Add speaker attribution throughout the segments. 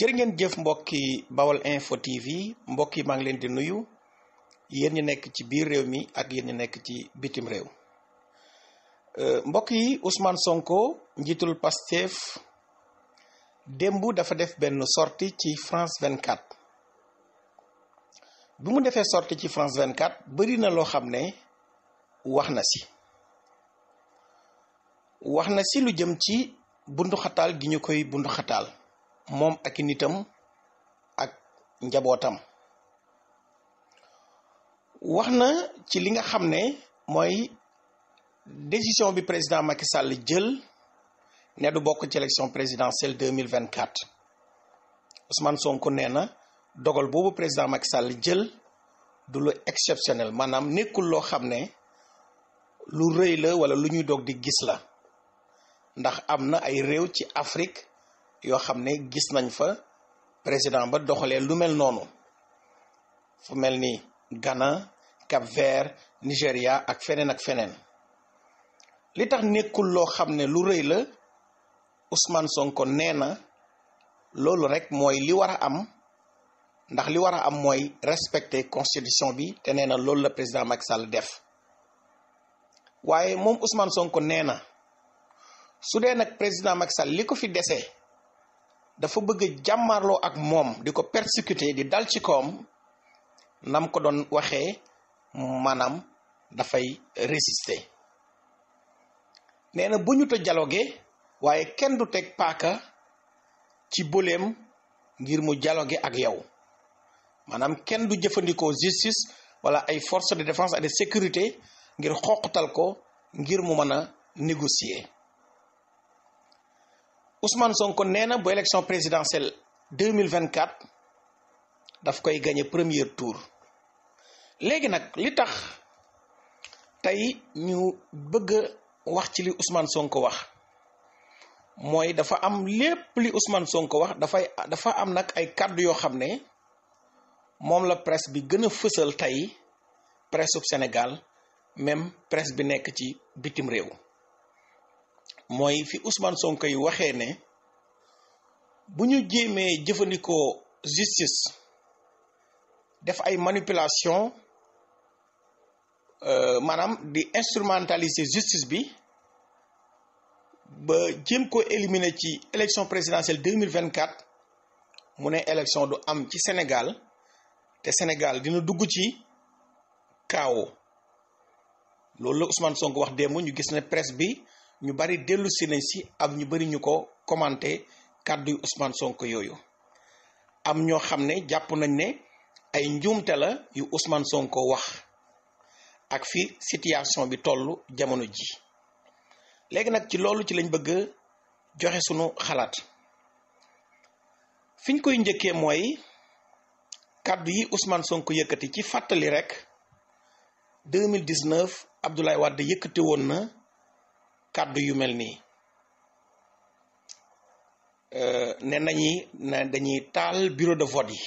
Speaker 1: jërë ngeen jëf mbokki Bawal Info TV mbokk yi maa ngi leen di nuyu yéen ñu nekk ci biir réew mi ak yéen nekk ci bitim réew euh, mbokk yi Ousmane Sonko njiitul Pastef démb dafa def benn sorti ci France 24 bi mu defee sortie ci France 24 bëri na loo xam ne wax na si wax na si lu jëm ci bundu gi ñu koy bundu moom ak nitam ak njabootam wax na ci li nga xam ne mooy décision bi président Macky Sall jël ne du bokk ci élection présidentielle 2024 Ousmane Sonko nee na dogal boobu président Macky Sall jël du lu exceptionnel maanaam nekkul loo xam ne lu rëy la wala lu ñuy dog di gis la ndax am na ay réew ci Afrique yoo xam ne gis nañ fa président ba doxalee lu mel noonu fu mel ni Ghana Cap-Vert Nigéria ak feneen ak feneen li tax nekkul loo xam ne lu rëy la Ousmane Sonko nee na loolu rek mooy li war a am ndax li war a am mooy respecter constitution bi te nee na loolu la président Macky def waaye moom usman Sonko nee na su dee nag président Macky li ko fi desee dafa bëgg jàmmarloo ak moom di ko persécuter di dal ci koom nam ko doon waxee maanaam dafay résister nee na bu ñu te jaloge waaye kenn du teg paaka ci bëleem ngir mu jaloge ak yow maanaam kenn du jëfandikoo justice wala ay forces de defence et de sécurité ngir xoqatal ko ngir mu mën a négocier Ousmane Sonko nee na bu élection présidentielle deux mille vingt quatre daf koy gañe premier tour léegi nag li tax tey ñu bëgg a wax ci li son Sonko wax mooy dafa am lépp li Ousmane Sonko wax dafay dafa am nag ay kàddu yoo xam ne moom la press bi gën a fësal tey presse ub Sénégal même presse bi nekk ci bitim réew. mooy fi Ousmane Sonko yi waxee ne bu ñu jéemee jëfandikoo justice def ay manipulation euh, maanaam di instrumentaliser justice bi ba jéem ko éliminer ci élection présidentielle deux mille vingt quatre mu ne élection du am ci Sénégal te Sénégal dina dugg ci kaawo loolu la son Sonko wax démb ñu gis ne presse bi. ñu bari dellu si nañ si am ñu bari ñu ko commenté kàddu yu Ousmane Sonko yooyu am ñoo xam ne jàpp nañ ne ay njuumte la yu Ousmane Sonko wax ak fi situation bi toll jamono ji léegi nag ci loolu ci lañ bëgg joxe sunu xalaat fiñ koy njëkkee mooy kàddu yi Ousmane Sonko yëkkati ci fàttali rek 2019 Abdoulaye Wade yëkkati woon na. kàddu yu mel nii euh, ne nañi ne dañuy taal bureau de vote yi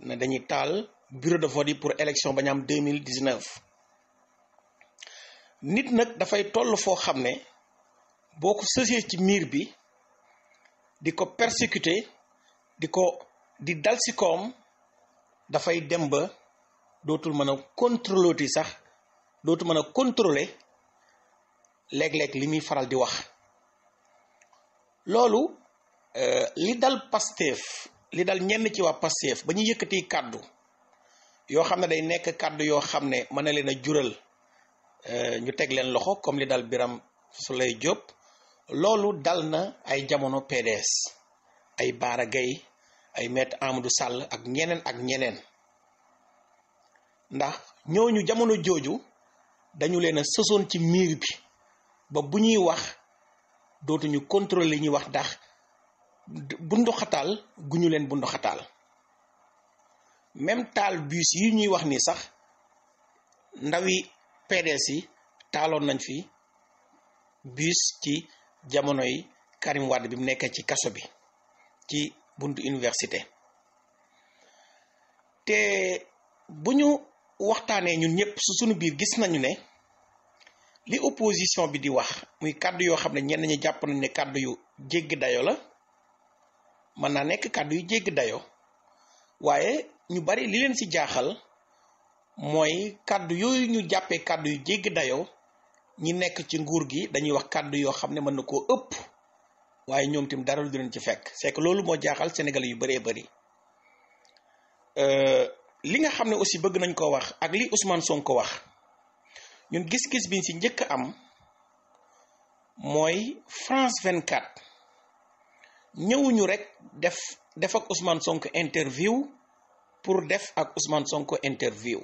Speaker 1: ne dañuy taal bureau de vote yi pour élection ba am deux mille dix neuf nit nag dafay toll foo xam ne boo ko sësee ci miir bi di ko persécuter di ko di dalsikoom dafay dem ba dootul mën a contrôler sax dootul mën a contrôler léeg li muy faral di wax loolu euh, li dal Pastef li dal ñenn ci waa Pastef ba ñu yëkkati kàddu yoo xam ne day nekk kàddu yoo xam ne mën na leen a jural euh, ñu teg leen loxo comme li dal Biram lay Diop loolu dal na ay jamono PDS ay Baara Gaye ay maître Amadou sàll ak ñeneen ak ñeneen ndax ñooñu jamono jooju dañu leen a sësoon ci miir bi ba bu ñuy wax dootuñu contrôler li ñuy wax ndax bunduxataal gu ñu leen bunduxataal même taal bus yi ñuy wax nii sax ndawi PDS yi taaloon nañ fi bus ci jamono yi Karim Wade bi mu nekkee ci kaso bi ci buntu université te bu ñu waxtaanee ñun ñëpp su sunu biir gis nañu ne li opposition bi di wax muy kàddu yoo xam ne ñeen ñi jàpp nañ ne kàddu yu jégg dayo la mën naa nekk kàddu yu jégg dayo waaye ñu bari li leen ci jaaxal mooy kàddu yooyu ñu jàppee kàddu yu jégg dayo ñi nekk ci nguur gi dañuy wax kàddu yoo xam ne mën na koo ëpp waaye ñoom tim dara du leen ci fekk c'est loolu moo jaaxal Sénégal yu bëree bëri euh, li nga xam ne aussi bëgg nañ koo wax ak li Ousmane Sonko ko wax ñun gis-gis biñ si njëkk am mooy France 24 ñëwuñu rek def def ak Ousmane Sonko interview pour def ak Ousmane Sonko interview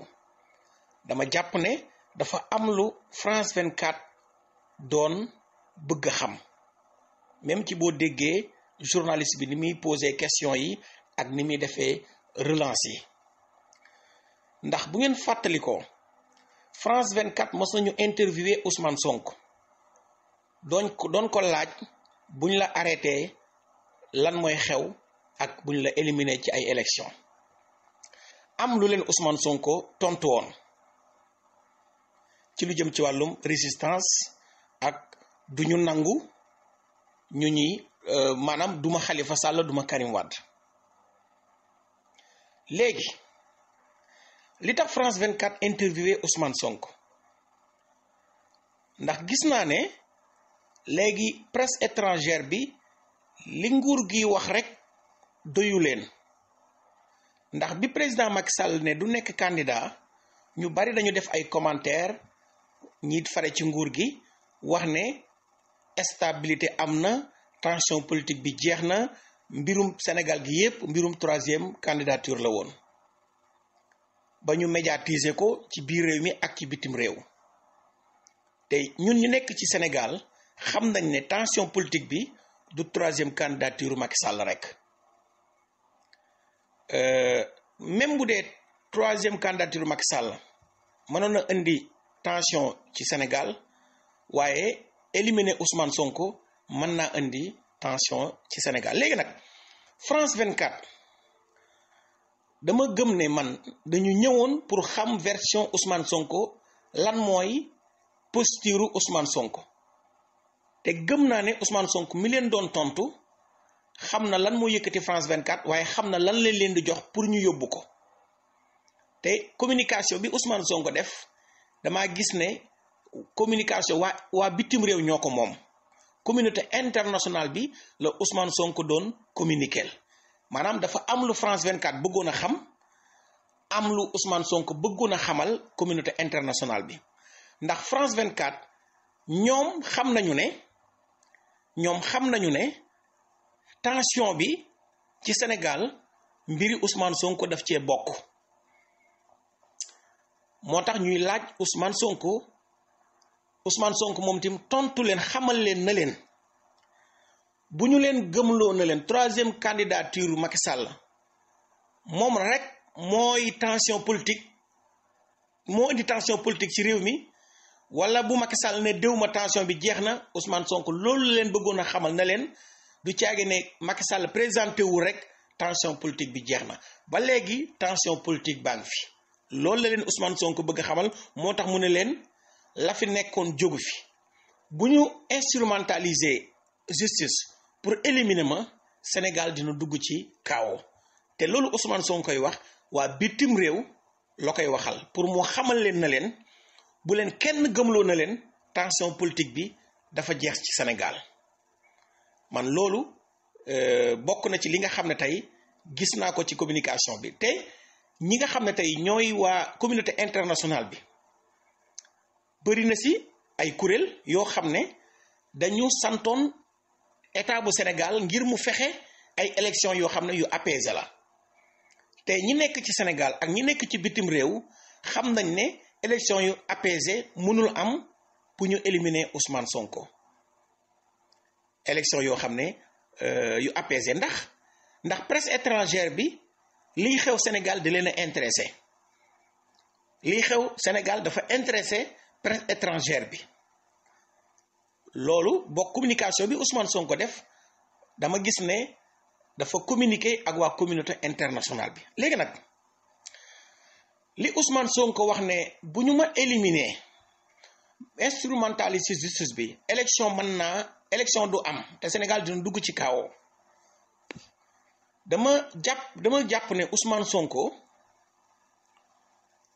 Speaker 1: dama jàpp ne dafa am lu France 24 doon bëgg a xam même ci boo déggee journaliste bi ni muy poser question yi ak ni muy defee relance yi ndax bu ngeen fàttalikoo France 24 mos nañu interviewé Ousmane sonk doon ko doon ko laaj buñ la arrêté lan mooy xew ak buñ la éliminé ci ay élection am lu leen Ousmane Sonko tontu woon ci lu jëm ci wàllum résistance ak du ñu nangu ñu ñi euh, maanaam duma xalifa Sall duma Karim Wade léegi li tax France 24 interviewé Ousmane Sonko ndax gis naa ne léegi presse étrangère bi li nguur gi wax rek doyu leen ndax bi président Macky Sall ne du nekk candidat ñu bari dañu def ay commentaires ñi fare ci nguur gi wax ne stabilité am na tension politique bi jeex na mbirum Sénégal gi yépp mbirum troisième candidature la woon ba ñu médiatiser ko ci biir réew mi ak ci bitim réew te ñun ñu nekk ci Sénégal xam nañ ne tension politique bi du troisième candidature Macky Sall rek euh, même bu dee troisième candidature Macky Sall mënoon na indi tension ci Sénégal waaye éliminer Ousmane Sonko mën naa indi tension ci Sénégal léegi nag France 24. dama gëm ne man dañu ñëwoon pour xam version Ousmane Sonko lan mooy posture Ousmane Sonko te gëm naa ne Ousmane sonk mi leen doon tontu xam na lan moo yëkkati France 24 waaye xam na lan lañ leen di jox pour ñu yóbbu ko te communication bi Ousmane Sonko def damaa gis ne communication waa waa bitim réew ñoo ko moom communauté internationale bi la Ousmane sonk doon communiquer. maanaam dafa am lu France 24 bëggoon a xam am lu Ousmane Sonko bëggoon a xamal communauté internationale bi ndax France 24 ñoom xam nañu ne ñoom xam nañu ne tension bi ci Sénégal mbiri Ousmane Sonko def cee bokk moo tax ñuy laaj Ousmane Sonko Ousmane Sonko moom tim tontu leen xamal leen na leen. bu ñu leen gëmloo na leen troisième candidature Macky Sall moom rek mooy tension politique moo indi tension politique ci réew mi wala bu Macky Sall ne déw ma tension bi jeex na Ousmane Sonko loolu leen bëggoon a xamal na leen du caagi ne Macky Sall présenté wu rek tension politique bi jeex na ba léegi tension politique baa ngi fi loolu la leen Ousmane Sonko bëgg xamal moo tax mu ne leen la fi nekkoon jógu fi bu ñu instrumentaliser justice pour éliminer ma Sénégal dina dugg ci kawo te loolu Ousmane Sonko koy wax waa bitim réew la koy waxal pour mu xamal leen na leen bu leen kenn gëmloo na leen tension politique bi dafa jeex ci Sénégal man loolu euh, bokk na ci li nga xam ne tey gis naa ko ci communication bi te ñi nga xam ne tey ñooy waa communauté internationale bi bëri na si ay kuréel yoo xam ne dañu santoon état bu Sénégal ngir mu fexe ay élection yoo xam ne yu apaisé la te ñi nekk ci Sénégal ak ñi nekk ci bitim réew xam nañ ne élection yu apaisé mënul am pour ñu éliminer Ousmane Sonko élection yoo xam ne euh, yu apaisé ndax ndax presque étrangère bi liy xew Sénégal di leen a intéressé liy xew Sénégal dafa intéressé presse étrangère bi loolu boo communication bi son ko def dama gis ne dafa communiquer ak waa communauté internationale bi léegi nag li Ousmane Sonko wax ne bu ñu ma éliminer instrumentaliser justice bi élection man naa élection du am te Sénégal dina dugg ci kaawoo dama jàpp dama jàpp ne Ousmane Sonko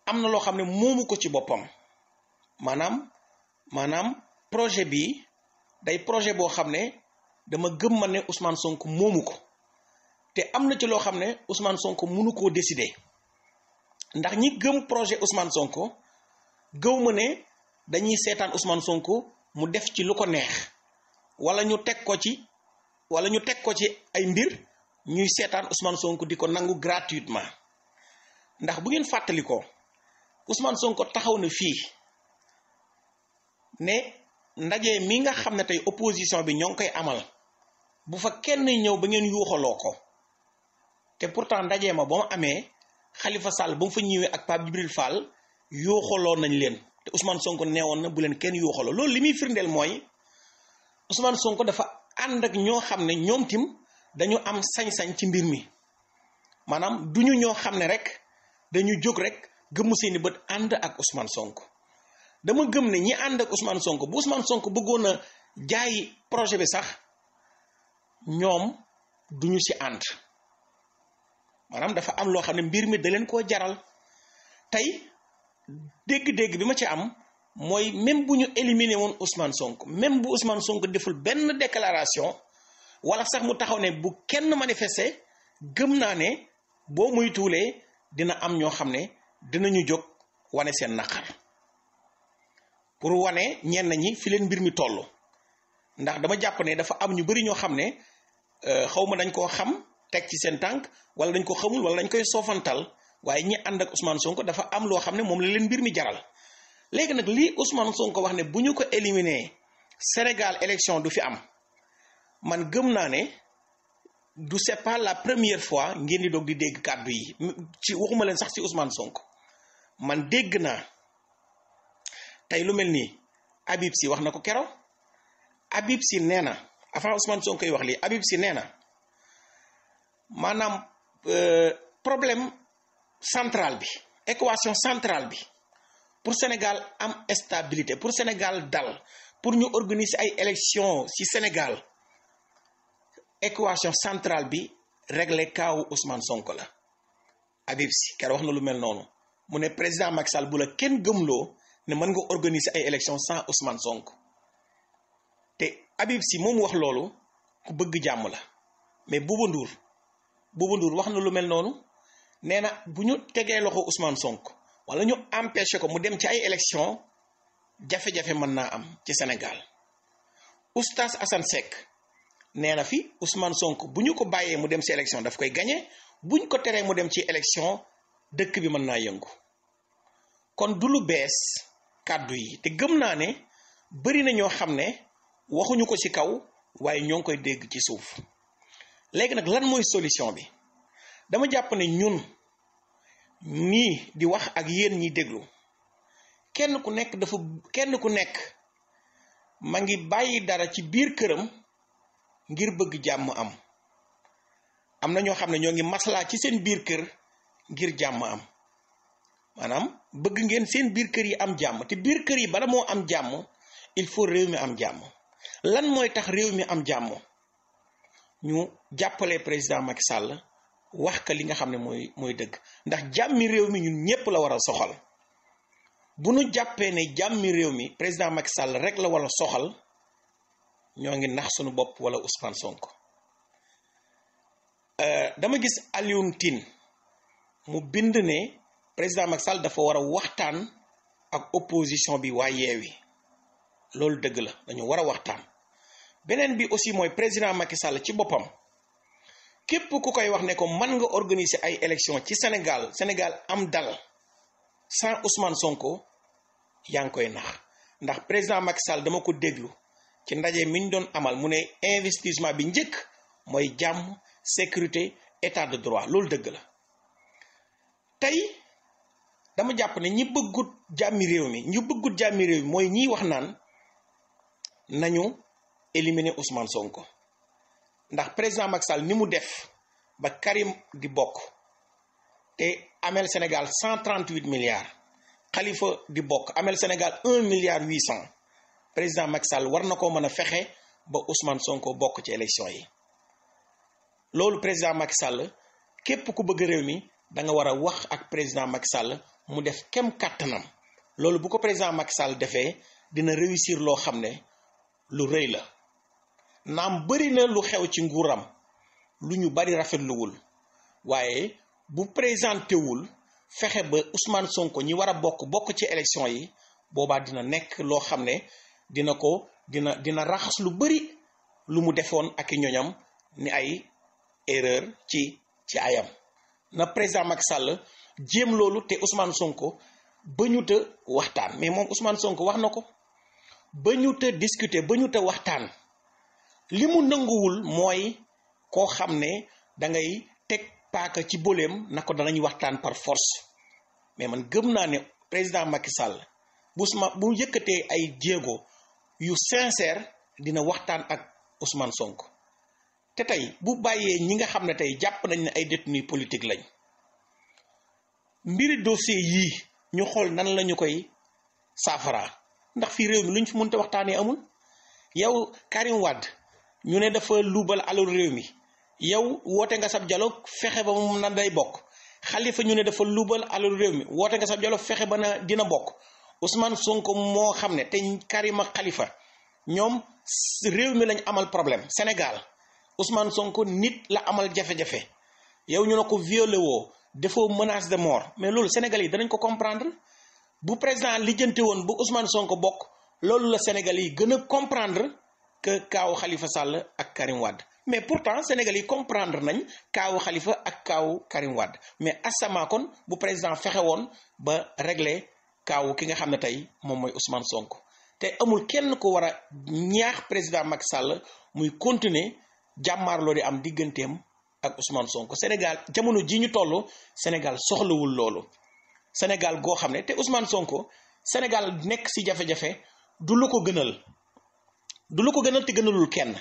Speaker 1: am na loo xam ne moomu ko ci boppam maanaam maanaam projet bi day projet boo xam ne dama gëm ma ne Ousmane Sonko moomu ko te am na ci loo xam ne Ousmane Sonko mënu koo décider ndax ñi gëm projet Ousmane Sonko gëw ma ne dañuy seetaan Ousmane Sonko mu def ci lu ko neex wala ñu teg ko ci wala ñu teg ko ci ay mbir ñuy seetaan Ousmane Sonko di ko nangu gratuitement ndax bu ngeen ko usman Sonko taxaw na fii ne. ndaje mi nga xam ne tey opposition bi ñoo ngi koy amal bu fa kenn ñëw ba ngeen yuuxaloo ko te pourtant ndaje ma ba mu amee xalifa Sall ba mu fa ñëwee ak Pape Djibril Fall yuuxaloo nañ leen te Ousmane Sonko neewoon na bu leen kenn yuuxaloo loolu li muy firndeel mooy Ousmane Sonko dafa ànd ak ñoo xam ne ñoom tim dañu am sañ-sañ ci mbir mi maanaam duñu ñoo xam ne rek dañu jóg rek gëmm seeni bët ànd ak Ousmane Sonko dama gëm ne ñi ànd ak Ousmane Sonko bu Ousmane Sonko bëggoon a jaay projet bi sax ñoom duñu ci ànd maanaam dafa am loo xam ne mbir mi daleen leen koo jaral tey dégg-dégg bi ma ci am mooy même bu ñu éliminé woon Ousmane sonk même bu Ousmane Sonko deful benn déclaration wala sax mu taxaw ne bu kenn manifesté gëm naa ne boo muy tuulee dina am ñoo xam ne dinañu jóg wane seen naqar pour wane ñenn ñi fi leen mbir mi toll ndax dama jàpp ne dafa am ñu bëri ñoo xam ne euh, xaw ma dañ koo xam teg ci seen tànk wala dañ ko xamul wala dañ koy soofantal waaye ñi ànd ak Ousmane Sonko dafa am loo xam ne moom la leen mbir mi jaral léegi nag li Ousmane Sonko wax ne bu ñu ko éliminer Sénégal élection du fi am man gëm naa ne du c'est pas la première fois ngeen di doog di dégg kàddu yi ci waxuma leen sax ci Ousmane Sonko man dégg naa. tey lu mel nii Habib Sy wax na ko keroog Habib Sy nee na avant Ousmane Sonko koy wax lii Habib Sy nee na maanaam euh, problème central bi équation centrale bi pour Sénégal am stabilité pour Sénégal dal pour ñu organiser ay élection ci Sénégal équation centrale bi régler kaawu Ousmane Sonko la Habib Sy keroog wax na lu mel noonu mu ne président Macky Sall bu la kenn gëmloo ne mën nga organiser ay élection sans Ousmane Sonko te Habib si moom wax loolu ku bëgg jàmm la mais Bouba Ndour Bouba nduur wax na lu mel noonu nee na bu ñu tegee loxo Ousmane sonk wala ñu empêché ko mu dem ci ay élection jafe-jafe mën naa am ci Sénégal oustaz Assane Seck nee na fi Ousmane sonk bu ñu ko bàyyee mu dem ci élection daf koy gañe buñ ko teree mu dem ci élection dëkk bi mën naa yëngu kon du lu bees kàddu yi te gëm naa ne bari na ñoo xam ne waxuñu ko ci kaw waaye ñoo ngi koy dégg ci suuf léegi nag lan mooy solution bi dama jàpp ne ñun nii di wax ak yéen ñi déglu kenn ku nekk dafa kenn ku nekk ma ngi bàyyi dara ci biir këram ngir bëgg jàmm am am na ñoo xam ne ñoo ngi maslaa ci seen biir kër ngir jàmm am maanaam bëgg ngeen seen biir kër yi am jàmm te biir kër yi bala moo am jàmm il faut réew mi am jàmm lan mooy tax réew mi am jàmm ñu jàppale président Macky sàll wax ka li nga xam ne mooy mooy dëgg ndax jàmmi réew mi ñun ñépp la war a soxal bu nu jàppee ne jàmmi réew mi président Macky sàll rek la war a soxal ñoo ngi nax sunu bopp wala Ousmane Sonko euh, dama gis Alioune Tine mu bind ne président Macky Sall dafa war a waxtaan ak opposition bi waa yeewi loolu dëgg la dañu war a waxtaan beneen bi aussi mooy président Macky Sall ci boppam képp ku koy wax ne ko mën nga organiser ay élections ci Sénégal Sénégal am dal sans Ousmane Sonko yaa ngi koy nax ndax président Macky Sall dama ko déglu ci ndaje mi ñu doon amal mu ne investissement bi njëkk mooy jàmm sécurité état de droit loolu dëgg la dama jàpp ne ñi bëggut jàmmi réew mi ñu bëggut jàmmi réew mi mooy ñiy wax naan nañu éliminer Ousmane Sonko ndax président Macky ni mu def ba Karim di bokk te amel Sénégal 138 milliards Khalifa di bokk amel Sénégal 1 milliard président Macky Sall war na koo mën a fexe ba Ousmane Sonko bokk ci élection yi loolu président Macky képp ku bëgg réew mi da nga war a wax ak président Macky mu def kem kàttanam loolu bu ko président Macky Sall defee dina réussir loo xam ne lu rëy la naam bëri na lu xew ci nguuram lu ñu bari rafetluwul waaye bu présenté wul fexe ba Ousmane Sonko ñi war a bokk bokk ci élection yi boobaa dina nekk loo xam ne dina ko dina dina raxas lu bëri lu mu defoon ak ñoñam ni ay erreur ci ci ayam na président Macky Sall jéem loolu te Ousmane Sonko ba ñu te waxtaan mais moom Ousmane sonk wax na ko ba ñu te discuter ba ñu te waxtaan li mu nanguwul mooy koo xam ne da ngay teg paaka ci boleem na ko danañ waxtaan par force mais man gëm naa ne président Macky Sall bu Ousmane bu yëkkatee ay jéego yu sincère dina waxtaan ak Ousmane sonk te tey bu bàyyee ñi nga xam ne tey jàpp nañ ne ay détenus politique lañ mbiri dossier yii ñu xool nan la ñu koy saafara ndax fii réew mi luñ fi mënta waxtaanee amul yow Karim Wade ñu ne dafa luubal alalu réew mi yow woote nga sab jaloo fexe ba mu nan day bokk Khalifa ñu ne dafa luubal alalu réew woote nga sab dialogue fexe ba na dina bokk Ousmane Sonko moo xam ne te Karim ak Khalifa ñoom réew mi lañ amal problème Sénégal Ousmane Sonko nit la amal jafe-jafe yow ñu ne ko violé woo defoo menace de mort mais loolu Sénégal yi danañ ko comprendre bu président lijjante woon bu Ousmane sonk bokk loolu la Sénégal yi gën a comprendre que kaawu Khalifa Sall ak Karim wàdd mais pourtant Sénégal yi comprendre nañ kaawu Khalifa ak kaawu Karim wàdd mais asama kon bu président fexe woon ba régler kaawu ki nga xam ne tey moom mooy Ousmane Sonko te amul kenn ko war ñaax président Macky Sall muy continuer. jàmmaarloo di am digganteem ak Ousmane Sonko Sénégal jamono ji ñu toll Sénégal soxlawul loolu Sénégal goo xam ne te Ousmane Sonko Sénégal nekk ci jafe-jafe du lu ko gënal du lu ko gënal te gënalul kenn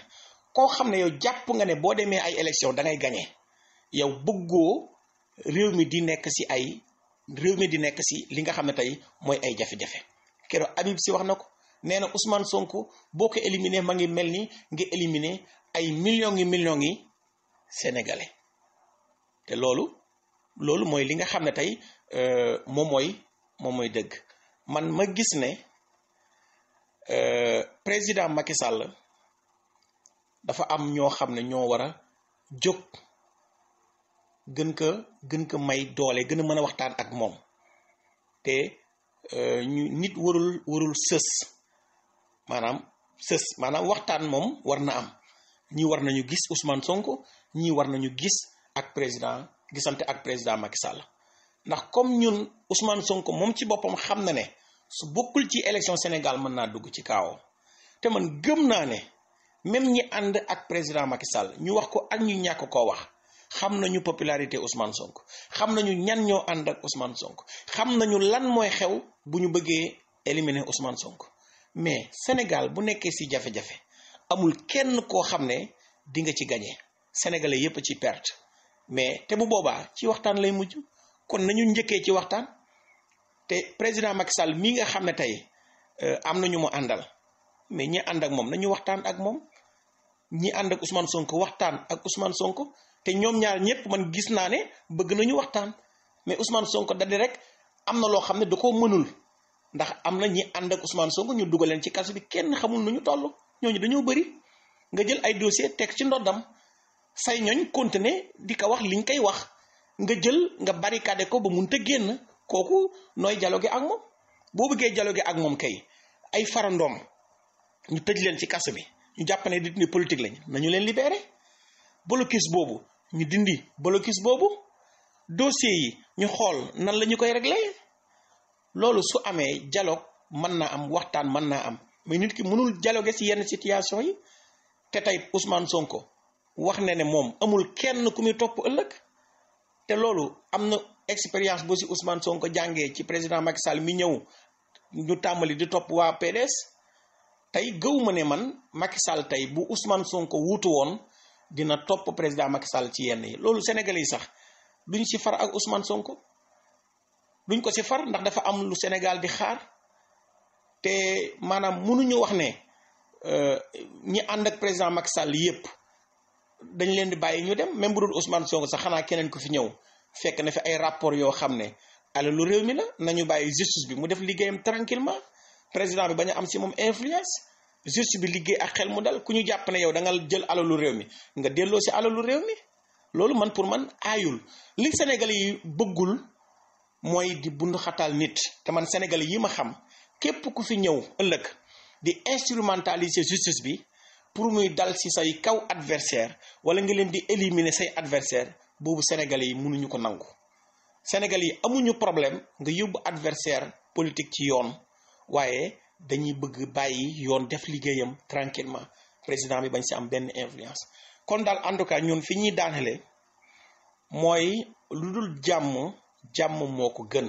Speaker 1: koo xam ne yow jàpp nga ne boo demee ay élection da ngay gañe yow bëggoo réew mi di nekk ci ay réew mi di nekk ci li nga xam ne tey mooy ay jafe-jafe keroog Habib si wax na ko nee na Ousmane Sonko boo ko éliminé ma ngi mel ni nga éliminé ay million yi millions yi sénégalais te loolu loolu mooy li nga xam ne tey euh, moom mooy moom mooy dëgg man ma gis ne euh, président Macky Sall dafa am ñoo xam ne ñoo war a jóg gën ko gën ko may doole gën a mën a waxtaan ak moom te euh, ñu nit warul warul sës maanaam sës maanaam waxtaan moom war na am ñi war nañu gis Ousmane Sonko ñi war nañu gis ak président gisante ak président Macky Sall ndax comme ñun Ousmane Sonko moom ci boppam xam na ne su bokkul ci élection Sénégal mën naa dugg ci kaawam te man gëm naa ne même ñi ànd ak président Macky ñu wax ko ak ñu ñàkk koo wax xam nañu popularité Ousmane Sonko xam nañu ñan ñoo ànd ak Ousmane Sonko xam nañu lan mooy xew bu ñu bëggee éliminer Ousmane Sonko mais Sénégal bu nekkee si jafe-jafe. amul kenn koo xam ne di nga ci gañe sénégalais yépp ci perte mais te bu boobaa ci waxtaan lay mujj kon nañu njëkkee ci waxtaan te président Macky Sall mii nga xam ne tey euh, am na ñu mu àndal mais ñi ànd ak moom nañu waxtaan ak moom ñi ànd ak Ousmane Sonko waxtaan ak Ousmane Sonko te ñoom ñaar ñëpp man gis naa ne bëgg nañu waxtaan mais Ousmane Sonko dadi rek am na loo xam ne da ko mënul ndax am na ñi ànd ak Ousmane Sonko ñu dugaleen ci kaso bi kenn xamul nu ñu toll. ñooñu dañoo bëri nga jël ay dossier teg ci ndoddam say ñooñ continuer di ko wax liñ koy wax nga jël nga barricade ko ba mun te génn kooku nooy dialogue ak moom boo bëggee dialogue ak moom kay ay farandoom ñu tëj leen ci kaso bi ñu jàpp ne nit ñi politique lañ nañu leen libéré blocus boobu ñu dindi blocus boobu dossier yi ñu xool nan la ñu koy réglé loolu su amee dialogue mën naa am waxtaan mën naa am mais nit ki mënul dialoguer ci yenn situation yi te tey Ousmane Sonko wax na ne moom amul kenn ku muy topp ëllëg te loolu am na expérience boo si Ousmane Sonko jàngee ci président Macky Sall mi ñëw ñu tàmbali di topp waa PDS tey gëwuma ne man Macky Sall tey bu Ousmane Sonko wuutu woon dina topp président Macky Sall ci yenn yi loolu Sénégalais yi sax duñ si far ak Ousmane Sonko duñ ko ci far ndax dafa am lu Sénégal di xaar. te maanaam mënuñu wax ne euh, ñi ànd ak président Macky Sall yëpp dañ leen di bàyyi ñu dem même bu dul Ousmane Sonko sax xanaa keneen ko fi ñëw fekk na fi ay rapport yoo xam ne alalu réew mi la nañu bàyyi justice bi mu def liggéeyam tranquillement président bi bañ am si moom influence justice bi liggéey ak xel mu dal ku ñu jàpp ne yow danga jël alalu réew mi nga delloo si alalu réew mi loolu man pour man aayul li Sénégalais yi bëggul mooy di bundu xataal nit te man Sénégalais yi ma xam képp ku fi ñëw ëllëg di instrumentaliser justice bi pour muy dal ci say kaw adversaire wala nga leen di éliminer say adversaire boobu sénégal yi mënuñu ko nangu sénégal yi amuñu problème nga yóbbu adversaire politique ci yoon waaye dañuy bëgg bàyyi yoon def liggéeyam tranquillement président bi bañ si am benn influence kon daal en tout cas ñun fi ñuy daanale mooy lu dul jàmm jàmm moo ko gën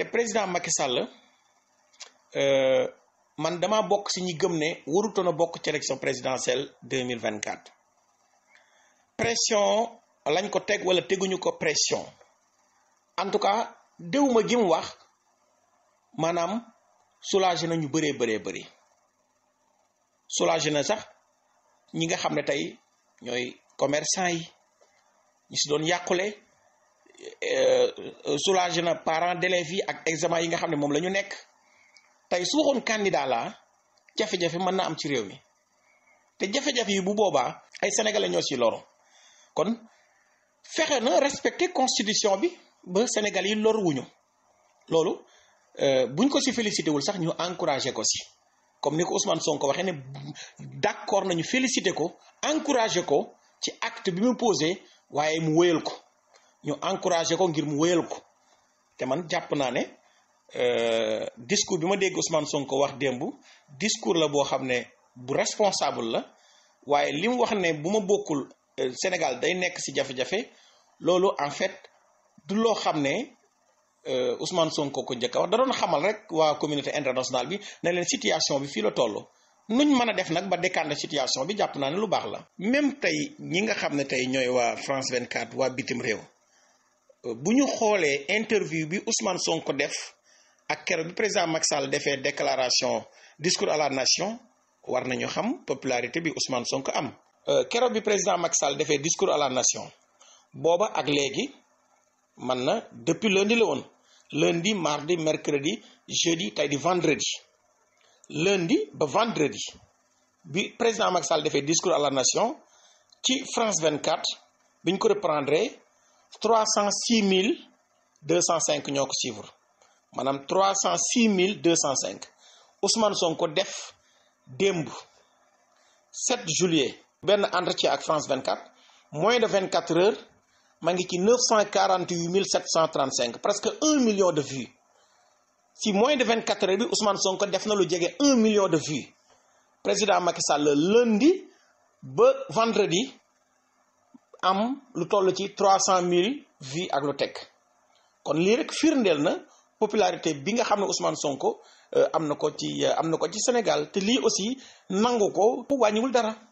Speaker 1: te président Macky Sall euh, man dama bokk si ñi gëm ne warutoon a bokk ci élection présidentielle deux mille vingt quatre pression lañ ko teg wala teguñu ko pression en tout cas déwuma gi mu wax maanaam soulagé na ñu bëree bëree bëri soulagé na sax ñi nga xam ne tey ñooy commercant yi ñu si doon yàqule. Euh, euh, soulagé na parent d'élèves yi ak examen yi nga xam ne moom lañu nekk tey su waxoon candidat laa jafe-jafe mën na am ci réew mi te jafe-jafe yi bu boobaa ay sénégalais ñoo si loro kon fexe na respecter constitution bi ba Sénégal yi lor wuñu loolu euh, buñ ko ci félicité wul sax ñu encouragé ko si comme ni ko Ousmane Sonko waxee ne d'accord nañu félicité ko encouragé ko ci act bi mu posé waaye mu wéyal ko ñu encouragé ko ngir mu wéyal ko te man jàpp naa ne euh, discours bi ma dégg son ko wax démb discours la boo xam ne bu responsable la waaye li mu wax ne bu ma bokkul euh, Sénégal day nekk ci jafe-jafe loolu en fait du loo xam ne euh, Ousmane Sonko ko njëkk a wax da doon xamal rek waa communauté internationale bi ne leen situation bi fii la toll nuñ mën a def nag ba décanter situation bi jàpp naa ne lu baax la. même tey ñi nga xam ne tey ñooy waa France 24 waa bitim réew. bu ñu xoolee interview bi Ousmane Sonko def ak keroog bi président Macky Sall defee déclaration discours à la nation war nañu xam popularité bi Ousmane Sonko am. Euh, keroog bi président Macky defee discours à la nation booba ak léegi man na depuis lundi la woon lundi mardi mercredi jeudi tey di vendredi lundi ba vendredi bi président Macky defee discours à la nation ci France vingt bi biñ ko reprendre. trois cent six mille deux cent cinq ñoo ko suivre maanaam trois cent six mille deux cent cinq Ousmane ko def démb 7 juillet benn entretien ak France 24 moins de 24 heures ma ngi ci 948 mille 735 presque un million de vues si moins de 24 heures bi Ousmane Sonko def na lu jege un million de vues président Macky Sall lundi ba vendredi. am lu toll ci trois cent mille vie ak lu teg kon lii rek firndeel na popularité bi nga xam ne Ousmane Sonko euh, am na ko ci euh, am na ko ci Sénégal te lii aussi nangu ko wàññiwul dara.